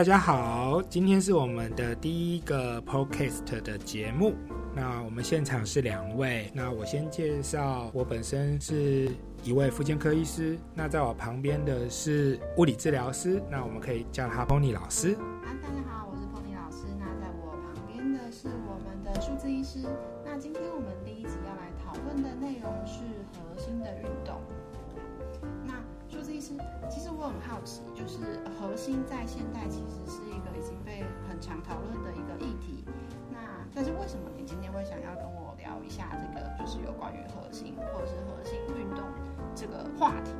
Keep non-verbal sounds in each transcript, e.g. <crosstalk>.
大家好，今天是我們的第一個 Podcast 的節目。那我們現場是兩位，那我先介紹，我本身是一位復健科醫師。那在我旁邊的，是物理治療師，那我們可以叫他 Pony 老師。啊，大家好，我是 Pony 老師。那在我旁邊的是我們的數字醫師。那今天我們第一集要來討論的內容是核心的運動。那其實，其實我很好奇，就是核心在現代其實是一個已經被很常討論的一個議題。那但是為什麼你今天會想要跟我聊一下這個，就是有關於核心或者是核心運動這個話題？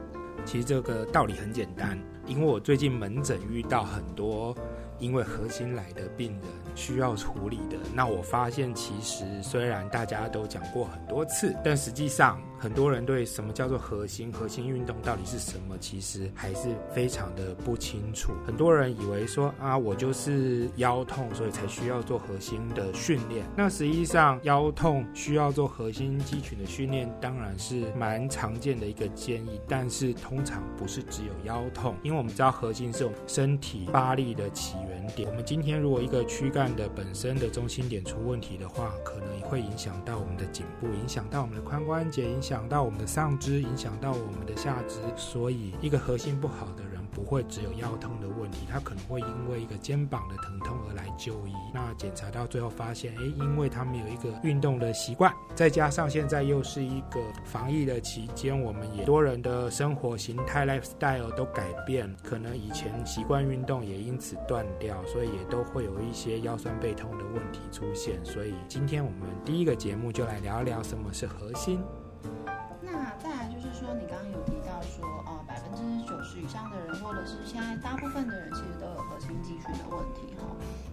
其實這個道理很簡單。因為我最近門診遇到很多因為核心來的病人需要處理的，那我發現其實雖然大家都講過很多次，但實際上很多人對什麼叫做核心、核心運動到底是什麼，其實還是非常的不清楚。很多人以為說啊，我就是腰痛，所以才需要做核心的訓練。那實際上腰痛需要做核心肌群的訓練，當然是蠻常見的一個建議，但是通常不是只有腰痛，因為我們知道核心是我們身體發力的起源點。我們今天如果一個軀幹的本身的中心點出問題的話，可能會影響到我們的頸部，影響到我們的髖關節，影響到我們的上肢，影響到我們的下肢。所以，一個核心不好的，不會只有腰痛的問題，他可能會因為一個肩膀的疼痛而來就醫。那檢查到最後發現，誒，因為他沒有一個運動的習慣，再加上現在又是一個防疫的期間，我們也多人的生活形態 lifestyle 都改變，可能以前習慣運動也因此斷掉，所以也都會有一些腰酸背痛的問題出現。所以今天我們第一個節目就來聊一聊什麼是核心。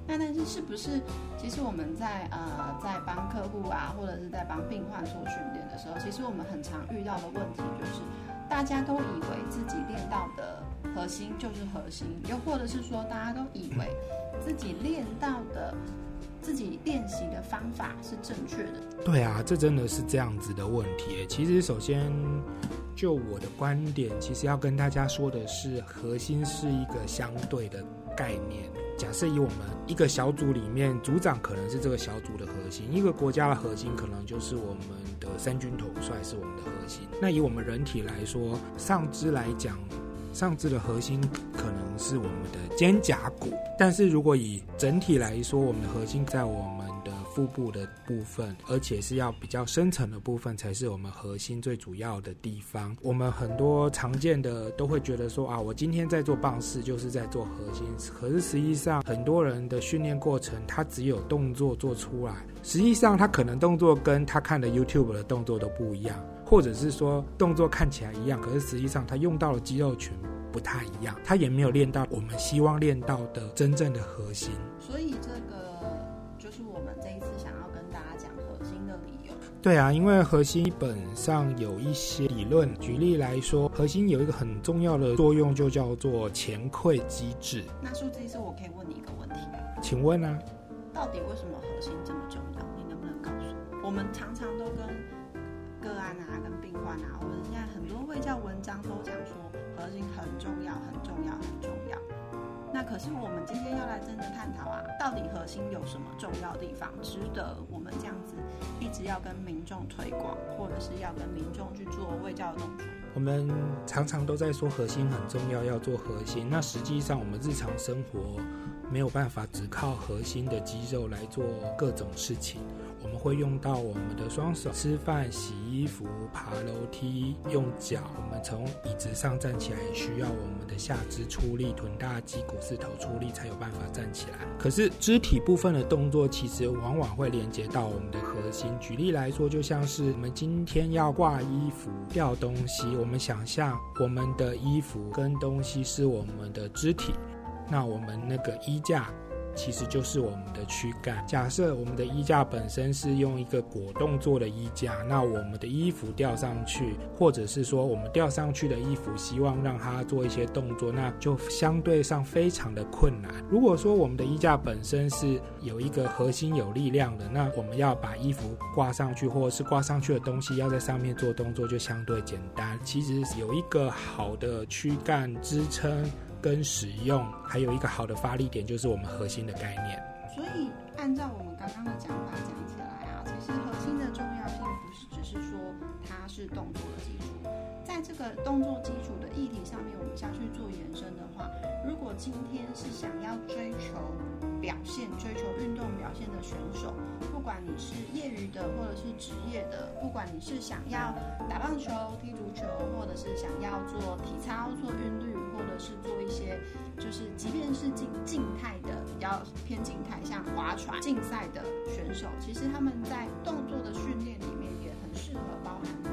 那但是是不是？其實我們在呃在幫客戶啊，或者是在幫病患做訓練的時候，其實我們很常遇到的問題就是，大家都以為自己練到的核心就是核心，又或者是說大家都以為自己練到的、嗯、自己練習的方法是正確的。對啊，這真的是這樣子的問題。其實首先，就我的觀點，其實要跟大家說的是，核心是一個相對的概念。假設以我們一個小組裡面，組長可能是這個小組的核心；一個國家的核心可能就是我們的三軍統帥，是我們的核心。那以我們人體來說，上肢來講，上肢的核心可能是我們的肩胛骨。但是如果以整體來說，我們的核心在我們的。腹部的部分，而且是要比較深層的部分才是我們核心最主要的地方。我們很多常見的都會覺得說啊，我今天在做棒式就是在做核心。可是實際上，很多人的訓練過程，他只有動作做出來，實際上他可能動作跟他看的 YouTube 的動作都不一樣，或者是說動作看起來一樣，可是實際上他用到的肌肉群不太一樣，他也沒有練到我們希望練到的真正的核心。所以這個就是我們這一次對啊，因為核心本上有一些理論。舉例來說，核心有一個很重要的作用，就叫做前饋機制。那數字師，我可以問你一個問題？請問呢、啊？到底為什麼核心這麼重要？你能不能告訴我？ <noise> 我們常常都跟個案啊、跟病患啊，我們現在很多衛教文章都講說，核心很重要，很重要，很重要。那可是我們今天要來真的探討啊，到底核心有什麼重要地方，值得我們這樣子一直要跟民眾推廣，或者是要跟民眾去做衛教的動作？我們常常都在說核心很重要，嗯、要做核心。那實際上我們日常生活沒有辦法只靠核心的肌肉來做各種事情。會用到我們的雙手吃飯、洗衣服、爬樓梯，用腳。我們從椅子上站起來，需要我們的下肢出力，臀大肌、股四頭出力，才有辦法站起來。可是肢體部分的動作，其實往往會連接到我們的核心。舉例來說，就像是我們今天要掛衣服、吊東西，我們想象我們的衣服跟東西是我們的肢體，那我們那個衣架。其實就是我們的軀幹。假設我們的衣架本身是用一個果凍做的衣架，那我們的衣服吊上去，或者是說我們吊上去的衣服，希望讓它做一些動作，那就相對上非常的困難。如果說我們的衣架本身是有一個核心有力量的，那我們要把衣服掛上去，或者是掛上去的東西要在上面做動作，就相對簡單。其實有一個好的軀幹支撐。跟使用，還有一個好的發力點，就是我們核心的概念。所以，按照我們剛剛的講法講起來啊，其實核心的重要性不是只是說它是動作的基礎。在這個動作基礎的議題上面，我們想去做延伸的話，如果今天是想要追求表現、追求運動表現的選手，不管你是業餘的或者是職業的，不管你是想要打棒球、踢足球，或者是想要做體操、做韻律，或者是做一些，就是即便是靜靜態的比較偏靜態，像划船競賽的選手，其實他們在動作的訓練裡面也很適合包含。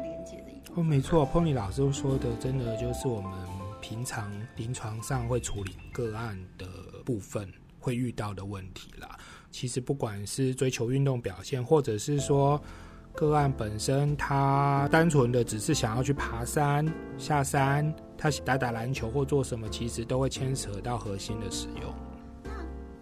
連接的哦，沒錯，Pony 老師說的，真的就是我們平常臨床上會處理個案的部分會遇到的問題啦。其實不管是追求運動表現，或者是說個案本身，他單純的只是想要去爬山、下山，他打打籃球或做什麼，其實都會牽扯到核心的使用。那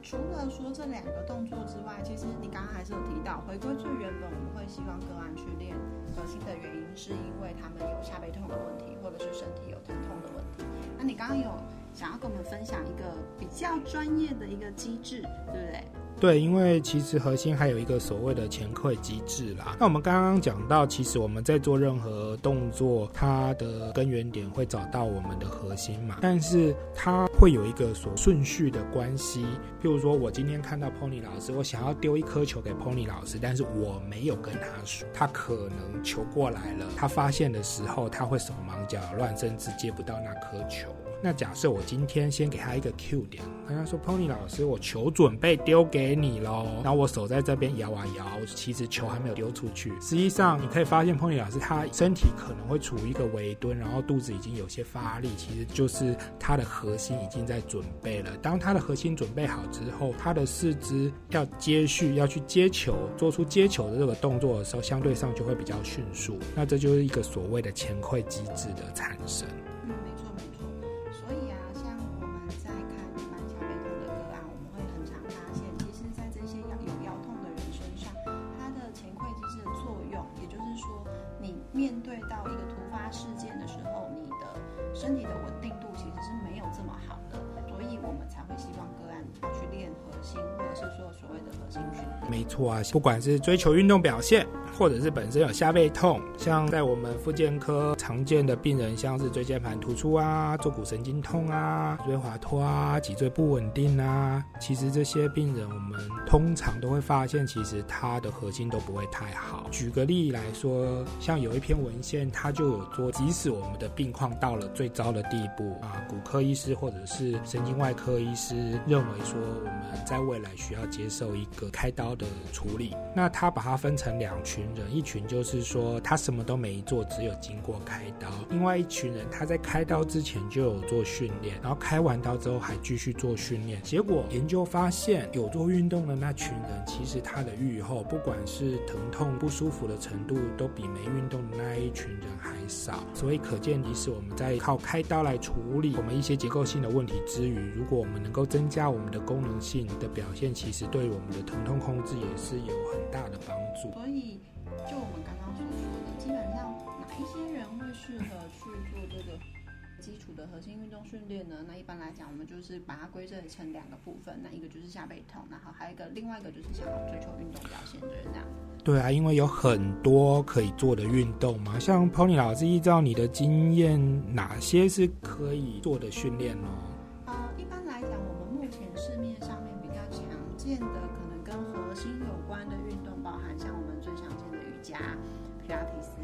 除了說這兩個動作之外，其實你剛剛還是有提到回歸最原本，我們會希望個案去練。核心的原因是因為他們有下背痛的問題，或者是身體有疼痛、痛的問題。那、啊、你剛剛有？想要跟我們分享一個比較專業的一個機制，對不對？對，因為其實核心還有一個所謂的前饋機制啦。那我們剛剛講到，其實我們在做任何動作，它的根源點會找到我們的核心嘛。但是它會有一個所順序的關係。譬如說我今天看到 Pony 老師，我想要丟一顆球給 Pony 老師，但是我沒有跟他說，他可能球過來了，他發現的時候他會手忙腳亂，甚至接不到那顆球。那假設我今天先給他一個 Q 點，他說：“Pony 老師，我球準備丟給你嘍。”然後我手在這邊搖啊搖，其實球還沒有丟出去。實際上，你可以發現 Pony 老師他身體可能會處於一個微蹲，然後肚子已經有些發力，其實就是他的核心已經在準備了。當他的核心準備好之後，他的四肢要接續要去接球，做出接球的這個動作的時候，相對上就會比較迅速。那這就是一個所謂的前饋機制的產生。面對到一個突發事件的時候，你的身體的穩定度其實是沒有這麼好的。我們才會希望個案去練核心，或者是說所謂的核心訓練。沒錯啊，不管是追求運動表現，或者是本身有下背痛，像在我們復健科常見的病人，像是椎間盤突出啊、坐骨神經痛啊、脊椎滑脫啊、脊椎不穩定啊，其實這些病人，我們通常都會發現，其實他的核心都不會太好。舉個例來說，像有一篇文獻，他就有說，即使我們的病況到了最糟的地步啊，骨科醫師或者是神經外外科醫師認為說，我們在未來需要接受一個開刀的處理。那他把它分成兩群人，一群就是說他什麼都沒做，只有經過開刀，另外一群人他在開刀之前就有做訓練，然後開完刀之後還繼續做訓練。結果研究發現，有做運動的那群人，其實他的癒後不管是疼痛不舒服的程度，都比沒運動的那一群人還少。所以可見，即使我們在靠開刀來處理我們一些結構性的問題之餘，如果我們能夠增加我們的功能性的表現，其實對我們的疼痛控制也是有很大的幫助。所以，就我們剛剛所說的，基本上哪一些人會適合去做這個基礎的核心運動訓練呢？那一般來講，我們就是把它歸成兩個部分，那一個就是下背痛，然後還有一個另外一個就是想要追求運動表現，就是這樣。對啊，因為有很多可以做的運動嘛，像 Pony 老師依照你的經驗，哪些是可以做的訓練呢？嗯市面上面比較常見的，可能跟核心有關的運動，包含像我們最常見的瑜伽、普拉提斯，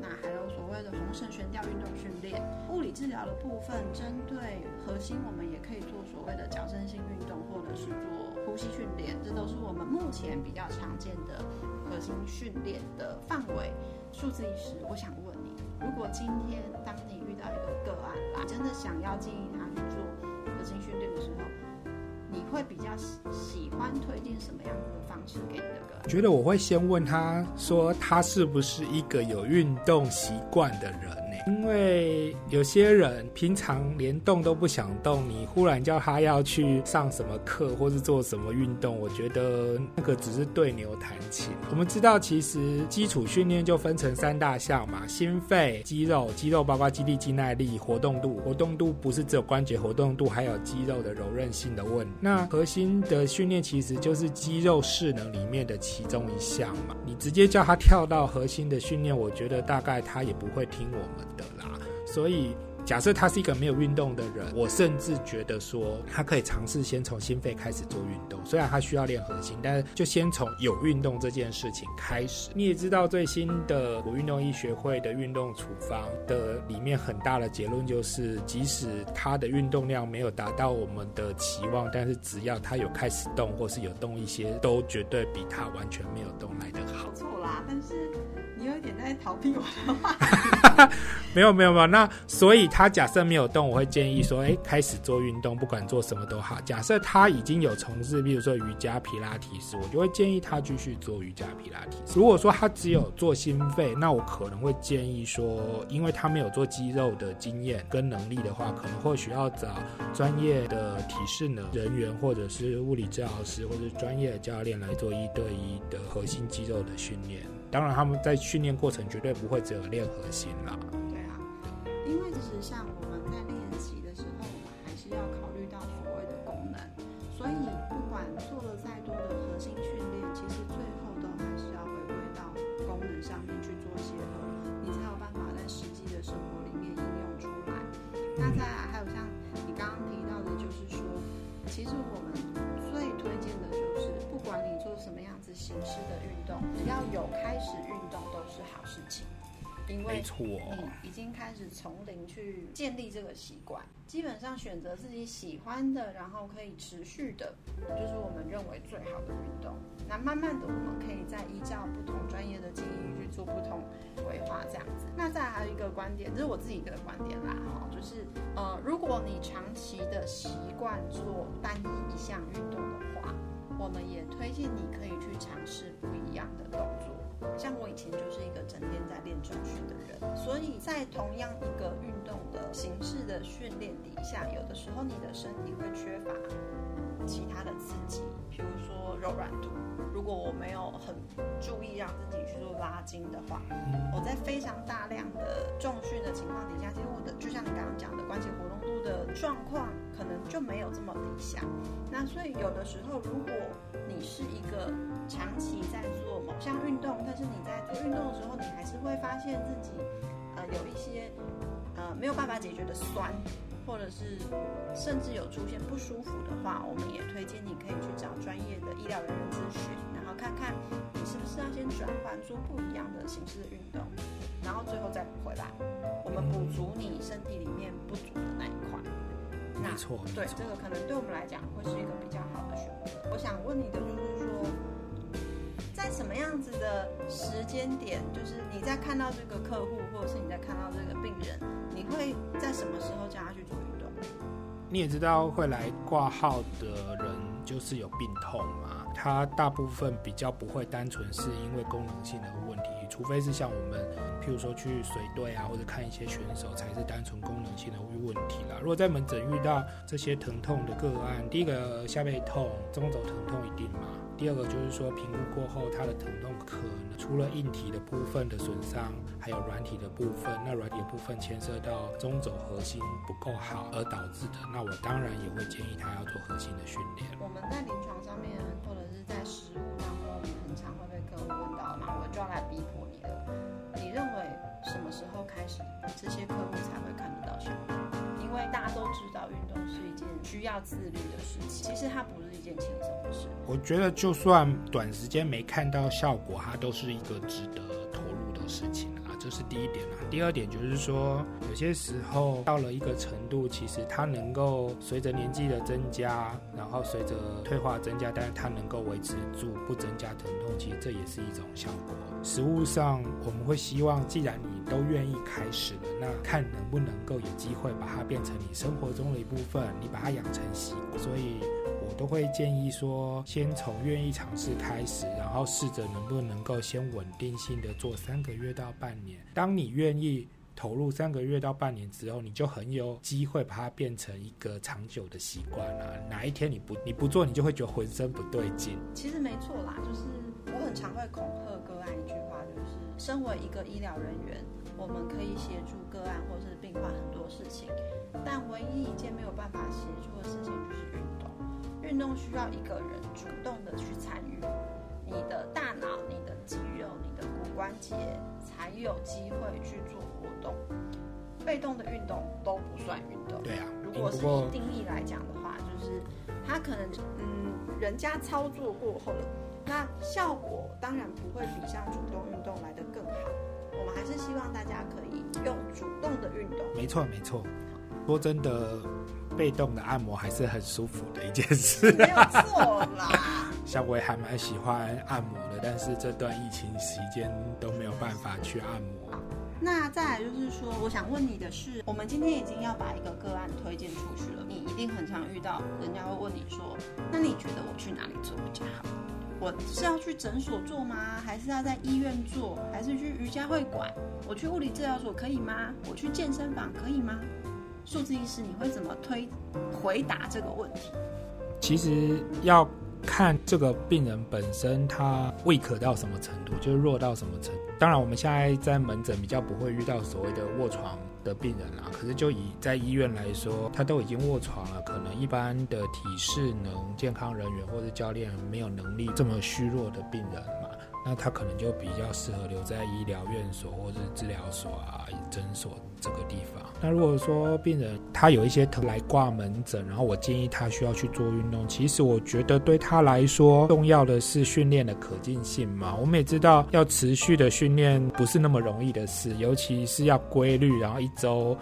那還有所謂的紅繩懸吊運動訓練。物理治療的部分，針對核心，我們也可以做所謂的矯正性運動，或者是做呼吸訓練，這都是我們目前比較常見的核心訓練的範圍。數字醫師，我想問你，如果今天當你遇到一個個案啦，真的想要建議他去做核心訓練的時候。你會比較喜歡推薦什麼樣的方式給你的歌？我覺得我會先問他說，他是不是一個有運動習慣的人。因為有些人平常連動都不想動，你忽然叫他要去上什麼課或是做什麼運動，我覺得那個只是對牛彈琴。我們知道，其實基礎訓練就分成三大項嘛：心肺、肌肉、肌肉包括肌力、肌力、肌耐力、活動度。活動度不是只有關節活動度，還有肌肉的柔韌性的問題。那核心的訓練其實就是肌肉適能裡面的其中一項嘛。你直接叫他跳到核心的訓練，我覺得大概他也不會聽我們。的啦，所以假設他是一個沒有運動的人，我甚至覺得說，他可以嘗試先從心肺開始做運動。雖然他需要練核心，但是就先從有運動這件事情開始。你也知道最新的國際運動醫學會的運動處方的裡面很大的結論就是，即使他的運動量沒有達到我們的期望，但是只要他有開始動，或是有動一些，都絕對比他完全沒有動來得好。錯啦，但是。有點在逃避我的話。 <laughs> 沒，沒有沒有沒有。那所以他假設沒有動，我會建議說，哎、欸，開始做運動，不管做什麼都好。假設他已經有從事，比如說瑜伽、皮拉提斯，我就會建議他繼續做瑜伽、皮拉提斯。如果說他只有做心肺，那我可能會建議說，因為他沒有做肌肉的經驗跟能力的話，可能或許要找專業的體適能人員，或者是物理治療師，或者是專業的教練來做一對一的核心肌肉的訓練。當然，他們在訓練過程絕對不會只有練核心啦。對啊，因為其實像我們在練習的時候，我們還是要考慮到所謂的功能，所以不管做了再多的核心訓練，其實最後都還是要回歸到功能上面去做結合，你才有辦法在實際的生活裡面應用出來。嗯、那再來還有像你剛剛提到的，就是說，其實我們最推薦的就是，不管你做什麼樣子形式的運動。只要有開始運動都是好事情，因為你已經開始從零去建立這個習慣。基本上選擇自己喜歡的，然後可以持續的，就是我們認為最好的運動。那慢慢的，我們可以再依照不同專業的建議去做不同規劃，這樣子。那再來還有一個觀點，這、就是我自己的觀點啦，哈，就是呃，如果你長期的習慣做單一一項運動的話，我們也推薦你可以去嘗試不一樣的動作，像我以前就是一個整天在練重訓的人，所以在同樣一個運動的形式的訓練底下，有的時候你的身體會缺乏。其他的刺激，譬如說柔軟度，如果我沒有很注意讓自己去做拉筋的話，我在非常大量的重訓的情況底下，幾乎我的就像你剛剛講的關節活動度的狀況，可能就沒有這麼理想。那所以有的時候，如果你是一個長期在做某項運動，但是你在做運動的時候，你還是會發現自己呃有一些呃沒有辦法解決的痠，或者是甚至有出現不舒服的話，我們也推薦你可以去找專業的醫療人員諮詢，然後看看你是不是要先轉換出不一樣的形式的運動，然後最後再回來。我們補足你身體裡面不足的那一塊。錯那錯，對，錯這個可能對我們來講會是一個比較好的選擇。我想問你的就是說。在什麼樣子的時間點，就是你在看到這個客戶，或者是你在看到這個病人，你會在什麼時候叫他去做運動？你也知道會來掛號的人就是有病痛嘛，他大部分比較不會單純是因為功能性的問題，除非是像我們譬如說去隨隊啊，或者看一些選手才是單純功能性的問題啦。如果在門診遇到這些疼痛的個案，第一個下背痛、中軸疼痛一定嘛。第二個就是說，評估過後，他的疼痛可能除了硬體的部分的損傷，還有軟體的部分。那軟體的部分牽涉到中軸核心不夠好而導致的，那我當然也會建議他要做核心的訓練好。我，我們在臨床上面，或者是在實務當中，我們很常會被客戶問到嘛，我就要來逼迫你了。你認為什麼時候開始，這些客戶才會看得到效果？因為大家都知道，運動是一件需要自律的事情。其實它不是一件輕鬆的事情。我覺得，就算短時間沒看到效果，它都是一個值得投入的事情。這是第一點啦、啊。第二點就是說，有些時候到了一個程度，其實它能夠隨着年紀的增加，然後隨着退化增加，但是它能夠維持住不增加疼痛，其實這也是一種效果。食物上，我們會希望，既然你都願意開始了，那看能不能夠有機會把它變成你生活中的一部分，你把它養成習慣，所以。都會建議說，先從願意嘗試開始，然後試着能不能夠先穩定性的做三個月到半年。當你願意投入三個月到半年之後，你就很有機會把它變成一個長久的習慣啊。哪一天你不你不做，你就會覺得渾身不對勁。其實沒錯啦，就是我很常會恐嚇個案一句話，就是身為一個醫療人員，我們可以協助個案或是病患很多事情，但唯一一件沒有辦法協助的事情就是運動。運動需要一個人主動的去參與，你的大腦、你的肌肉、你的骨關節才有機會去做活動。被動的運動都不算運動。對啊，如果是以定義來講的話，嗯、就是它可能嗯，人家操作過後那效果當然不會比像主動運動來得更好。我們還是希望大家可以用主動的運動。沒錯沒錯，說真的。被動的按摩還是很舒服的一件事啊，沒有錯啦。 <laughs> 小維還蠻喜歡按摩的，但是這段疫情時間都沒有辦法去按摩。那再來就是說，我想問你的是，我們今天已經要把一個個案推薦出去了，你一定很常遇到人家會問你說：“那你覺得我去哪裡做比較好？我是要去診所做嗎？還是要在醫院做？還是去瑜伽會館？我去物理治療所可以嗎？我去健身房可以嗎？”數字醫師，你會怎麼推回答這個問題？其實要看這個病人本身他胃可到什麼程度，就是弱到什麼程度。當然，我們現在在門診比較不會遇到所謂的臥床的病人啦。可是就以在醫院來說，他都已經臥床了，可能一般的體適能健康人員或者教練沒有能力這麼虛弱的病人。那他可能就比較適合留在醫療院所或者治療所啊、診所這個地方。那如果說病人他有一些疼來掛門診，然後我建議他需要去做運動。其實我覺得對他來說，重要的是訓練的可進性嘛。我們也知道，要持續的訓練不是那麼容易的事，尤其是要規律，然後一周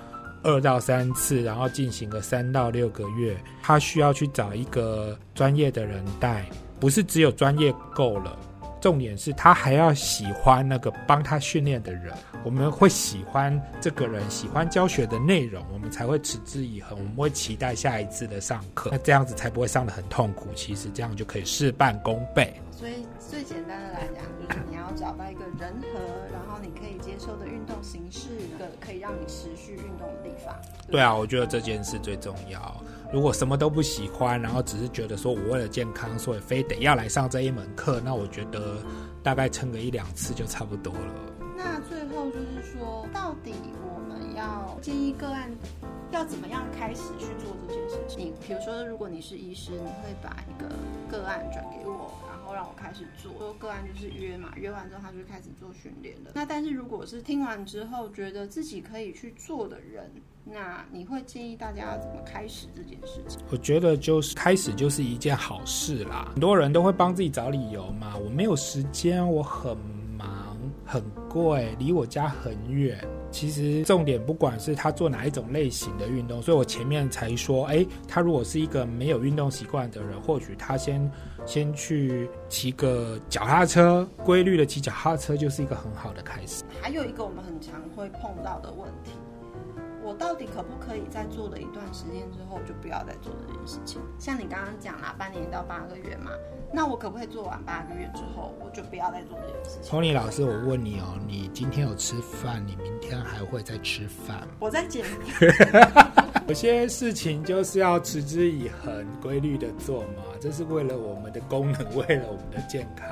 二到三次，然後進行個三到六個月，他需要去找一個專業的人帶，不是只有專業夠了。重點是他還要喜歡那個幫他訓練的人，我們會喜歡這個人，喜歡教學的內容，我們才會持之以恆，我們會期待下一次的上課，那這樣子才不會上得很痛苦。其實這樣就可以事半功倍。所以最簡單的來講，就是你要找到一個人和。車的運動形式，一個可以讓你持續運動的地方。對,對啊，我覺得這件事最重要。如果什麼都不喜歡，然後只是覺得說我為了健康，所以非得要來上這一門課，那我覺得大概撐個一兩次就差不多了。那最後就是說，到底我們要建議個案要怎麼樣開始去做這件事情？你比如說，如果你是醫師，你會把一個個案轉給我。讓我開始做，我個案就是約嘛，約完之後他就開始做訓練了。那但是如果是聽完之後覺得自己可以去做的人，那你會建議大家要怎麼開始這件事情？我覺得就是開始就是一件好事啦。很多人都會幫自己找理由嘛，我沒有時間，我很。很貴，離我家很遠。其實重點，不管是他做哪一種類型的運動，所以我前面才說，哎、欸，他如果是一個沒有運動習慣的人，或許他先先去騎個腳踏車，規律的騎腳踏車就是一個很好的開始。還有一個我們很常會碰到的問題。我到底可不可以在做了一段時間之後就不要再做這件事情？像你剛剛講啦，半年到八個月嘛，那我可不可以做完八個月之後我就不要再做這件事情？Tony 老師，我問你哦、喔，你今天有吃飯，你明天還會再吃飯？我在減肥，有些事情就是要持之以恆、規律的做嘛，這是為了我們的功能，為了我們的健康。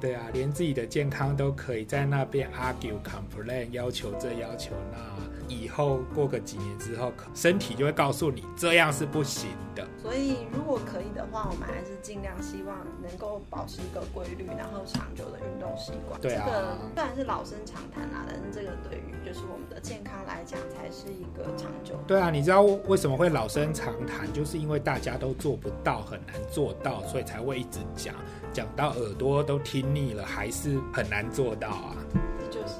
對啊，連自己的健康都可以在那邊 argue、complain、要求這要求，那以後過個幾年之後，身體就會告訴你，這樣是不行。所以，如果可以的話，我們還是盡量希望能夠保持一個規律，然後長久的運動習慣。對啊，這個雖然是老生常談啦，但是這個對於就是我們的健康來講，才是一個長久。對啊，你知道為什麼會老生常談，就是因為大家都做不到，很難做到，所以才會一直講，講到耳朵都聽膩了，還是很難做到啊。這就是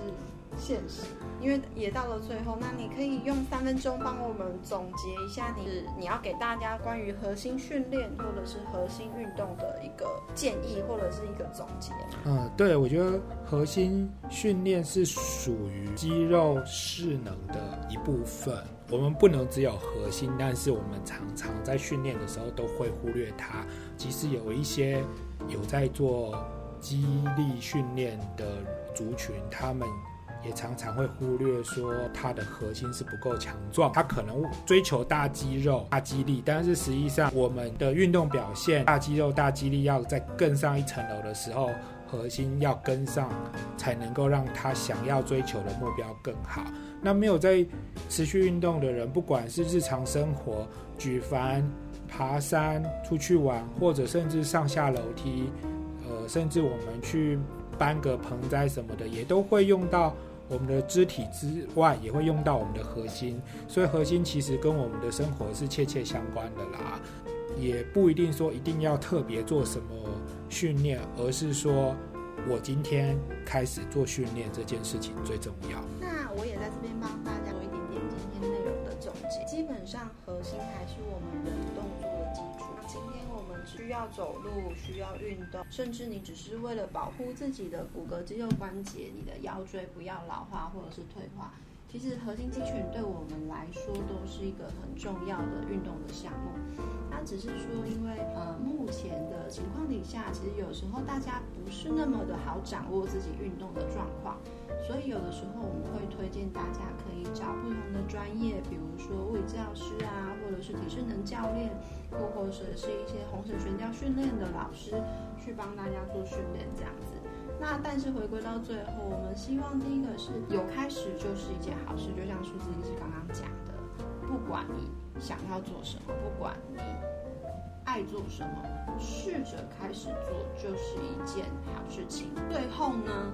現實。因為也到了最後，那你可以用三分鐘幫我們總結一下你，你你要給大家關於核心訓練或者是核心運動的一個建議，或者是一個總結？嗯，對，我覺得核心訓練是屬於肌肉適能的一部分，我們不能只有核心，但是我們常常在訓練的時候都會忽略它。其實有一些有在做肌力訓練的族群，他們。也常常會忽略說他的核心是不夠強壯，他可能追求大肌肉、大肌力，但是實際上我們的運動表現，大肌肉、大肌力要在更上一層樓的時候，核心要跟上，才能夠讓他想要追求的目標更好。那沒有在持續運動的人，不管是日常生活舉凡爬山、出去玩，或者甚至上下樓梯，呃，甚至我們去搬個盆栽什麼的，也都會用到。我們的肢體之外，也會用到我們的核心，所以核心其實跟我們的生活是切切相關的啦。也不一定說一定要特別做什麼訓練，而是說我今天開始做訓練這件事情最重要。那我也在這邊幫大家做一點點今天內容的總結，基本上核心還是我們的動作，需要走路，需要運動，甚至你只是為了保護自己的骨骼、肌肉、關節，你的腰椎不要老化或者是退化。其實核心肌群對我們來說都是一個很重要的運動的項目，它只是說因為。情況底下，其實有時候大家不是那麼的好掌握自己運動的狀況，所以有的時候我們會推薦大家可以找不同的專業，比如說物理治療師啊，或者是體適能教練，又或者是一些紅繩懸吊訓練的老師去幫大家做訓練這樣子。那但是回歸到最後，我們希望第一個是有開始就是一件好事，就像舒志醫師剛剛講的，不管你想要做什麼，不管你。在做什麼，試着開始做就是一件好事情。最後呢，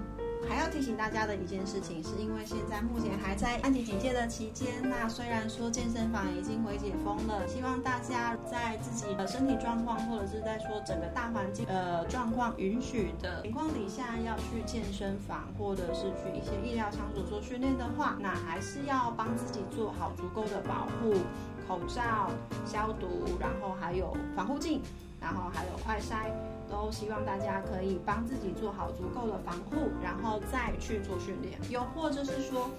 還要提醒大家的一件事情，是因為現在目前還在疫情警戒的期間。那雖然說健身房已經回解封了，希望大家在自己的身體狀況，或者是在說整個大環境呃狀況允許的情況底下，要去健身房或者是去一些醫療場所做訓練的話，那還是要幫自己做好足夠的保護。口罩、消毒，然後還有防護鏡，然後還有快篩，都希望大家可以幫自己做好足夠的防護，然後再去做訓練。又或者是說，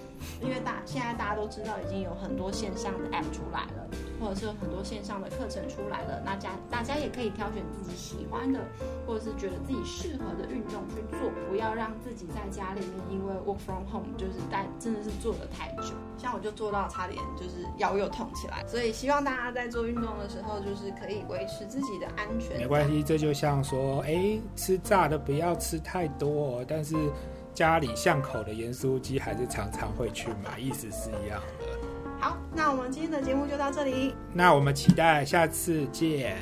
因為大現在大家都知道，已經有很多線上的 App 出來了，或者是有很多線上的課程出來了，那家大家也可以挑選自己喜歡的，或者是覺得自己適合的運動去做，不要讓自己在家裡面因為 work from home 就是待真的是坐的太久。像我就做到，差點就是腰又痛起來，所以希望大家在做運動的時候，就是可以維持自己的安全。沒關係，這就像說，哎、欸，吃炸的不要吃太多，但是家裡巷口的鹽酥雞還是常常會去買，意思是一樣的。好，那我們今天的節目就到這裡，那我們期待下次見。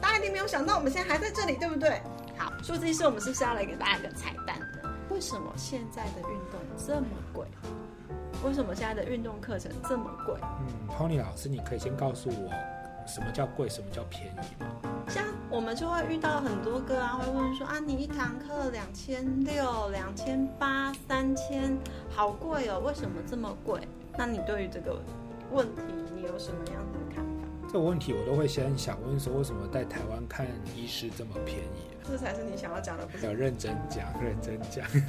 大家一定沒有想到，我們現在還在這裡，對不對？好，所以這一次我們是不是要來給大家一個彩蛋？為什麼現在的運動這麼貴？為什麼現在的運動課程這麼貴？嗯，Tony 老師，你可以先告訴我，什麼叫貴，什麼叫便宜嗎？像我們就會遇到很多個啊，會問說啊，你一堂課兩千六、兩千八、三千，好貴哦，為什麼這麼貴？那你對於這個問題，你有什麼樣的看法？這個問題我都會先想問說，為什麼在台灣看醫師這麼便宜？這才是你想要講的。不要認真講，認真講。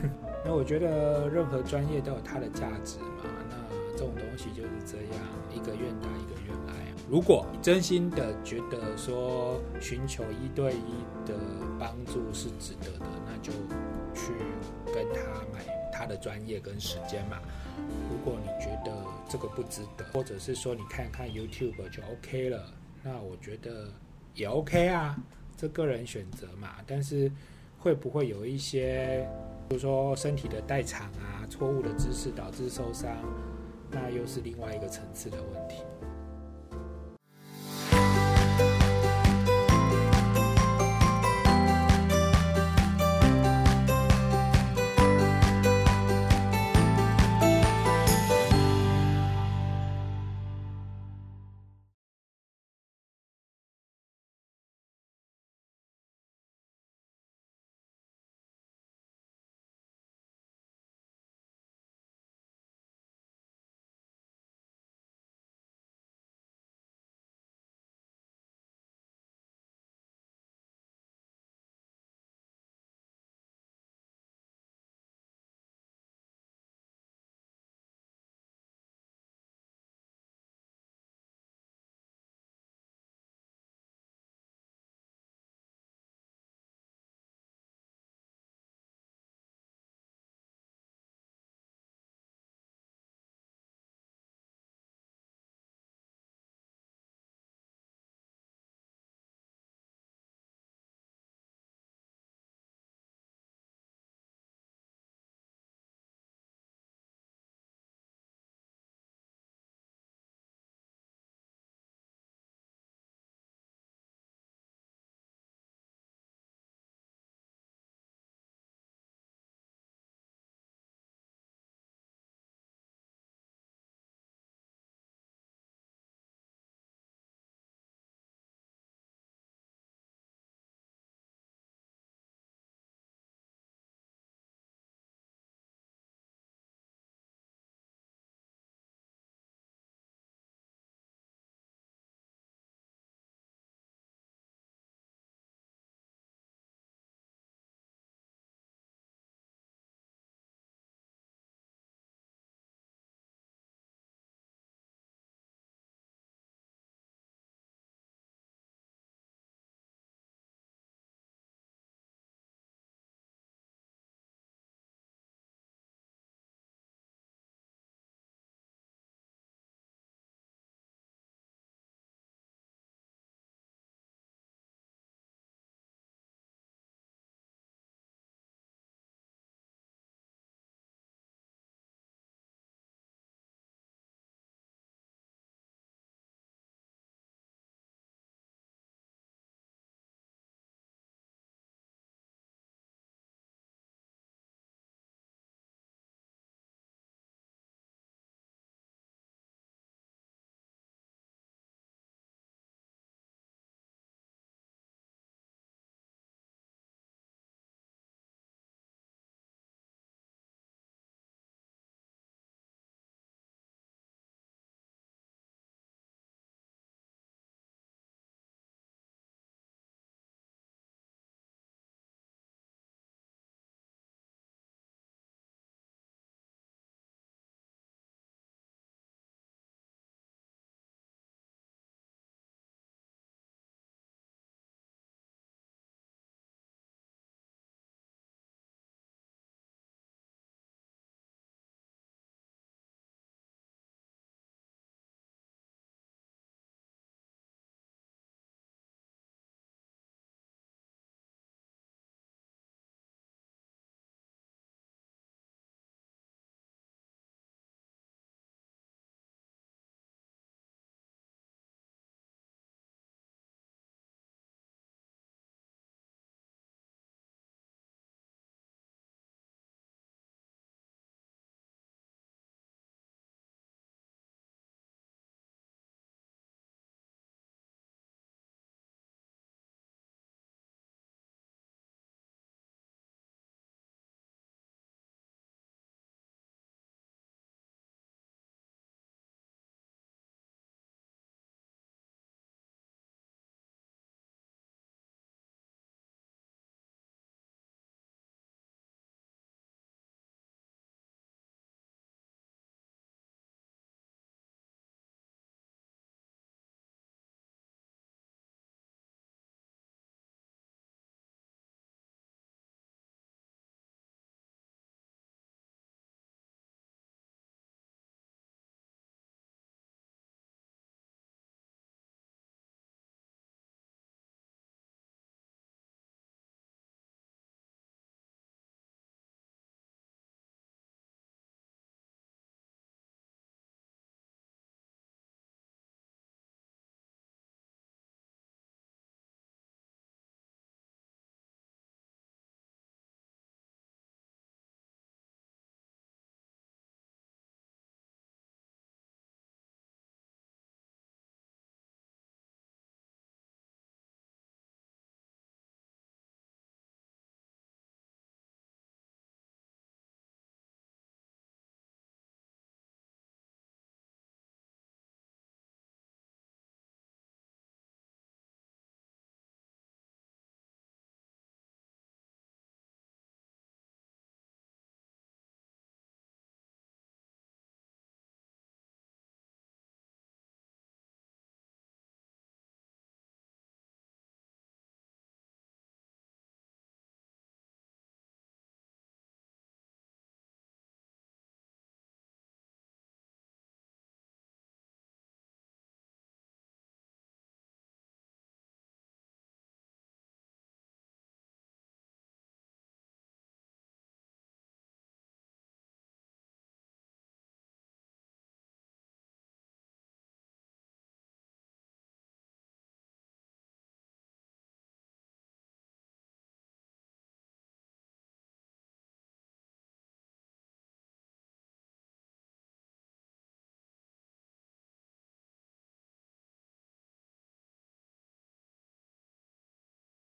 <laughs> 那我覺得任何專業都有它的價值嘛。那這種東西就是這樣一個願打一個願挨。如果你真心的覺得說尋求一對一的幫助是值得的，那就去跟他買。他的專業跟時間嘛，如果你覺得這個不值得，或者是說你看看 YouTube 就 OK 了，那我覺得也 OK 啊，這個人選擇嘛。但是會不會有一些，比如說身體的代償啊、錯誤的姿勢導致受傷，那又是另外一個層次的問題。